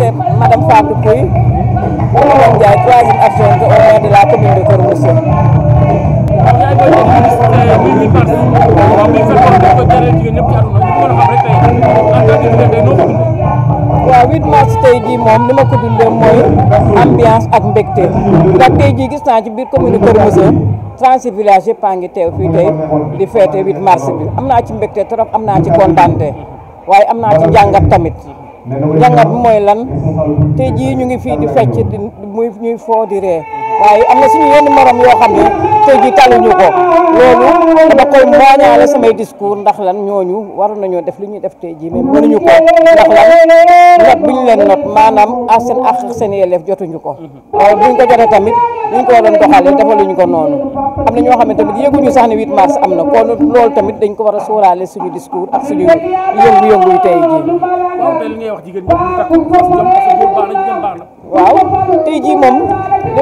c'est Madame Fatou mars tey jii moom li ma ko dundee mooy ambiance ak mbégte ndax tey jii gis naa ci biir commune Keur Moussa 36 villages yëpp ngi teew fii tey di feete 8 mars bi am naa ci mbégte trop am naa ci kontaante waaye am naa ci jàngat tamit njàngat mooy lan tey jii ñu ngi fii di fecc di muy ñuy foo di ree waaye am na suñu yenn morom yoo xam ne tey jii taluñu ko loolu dama koy mbaañaale samay discours ndax lan waroon nañoo def li ñuy def tey jii mais mënuñu ko ndax maanaam a seen ak seen élève ko waaye buñ ko tamit ñu ko waroon doxalee defaluñu ko noonu ñoo xam ne tamit yëguñu sax ne 8 mars am na kon loolu tamit dañ ko war a sóoraale suñu discours ak suñu yëngu-yëngu tey jii jigéen ñi mu takk na jigéen baax na. waaw tey jii moom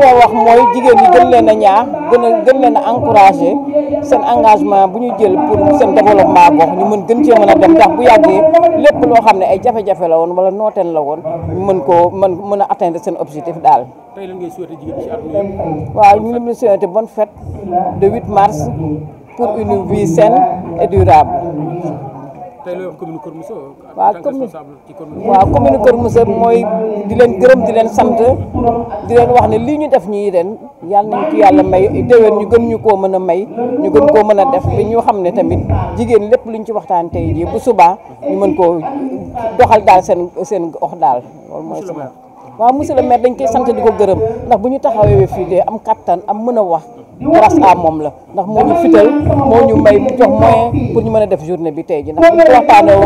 li wax mooy jigéen ñi gën leen a ñaax gën a gën leen a encouragé seen engagement bu ñu jël pour seen développement gox ñu mën gën cee mën a dem ndax bu yàggee lépp loo xam ne ay jafe-jafe la woon wala nooteen la woon mën koo mën mën a atteindre seen objectif daal. tey lan ngay souhaité jigéen waaw ñu leen souhaité bonne fête de 8 mars pour une vie saine et tey loolu commune Kër Moussa waaw commune waaw commune Kër Moussa mooy di leen gërëm di leen sant di leen wax ne lii ñu def ñii ren yàlla yàlla may déwén ñu gën ñu koo mën a may ñu gën ko mën a def bi ñu xam ne tamit jigéen lépp lu luñ ci waxtaan tey jii bu subaa ñu mën koo doxal daal seen seen daal loolu mooy sama waaw monsieur le maire dañ koy sant di ko gërëm ndax bu ñu taxawee fii de am kattan am mën a wax grâce moom la ndax moo ñu fital moo ñu may jox moyen pour ñu mën a def journée bi tey ji ndax bu ñu waxtaanee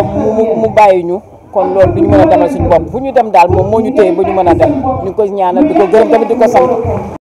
mu bàyyi ñu kon loolu du ñu mën a demal suñu bopp fu ñu dem daal moom moo ñu téye ba ñu mën a dem ñu ko ñaanal di ko gërëm tamit di ko sant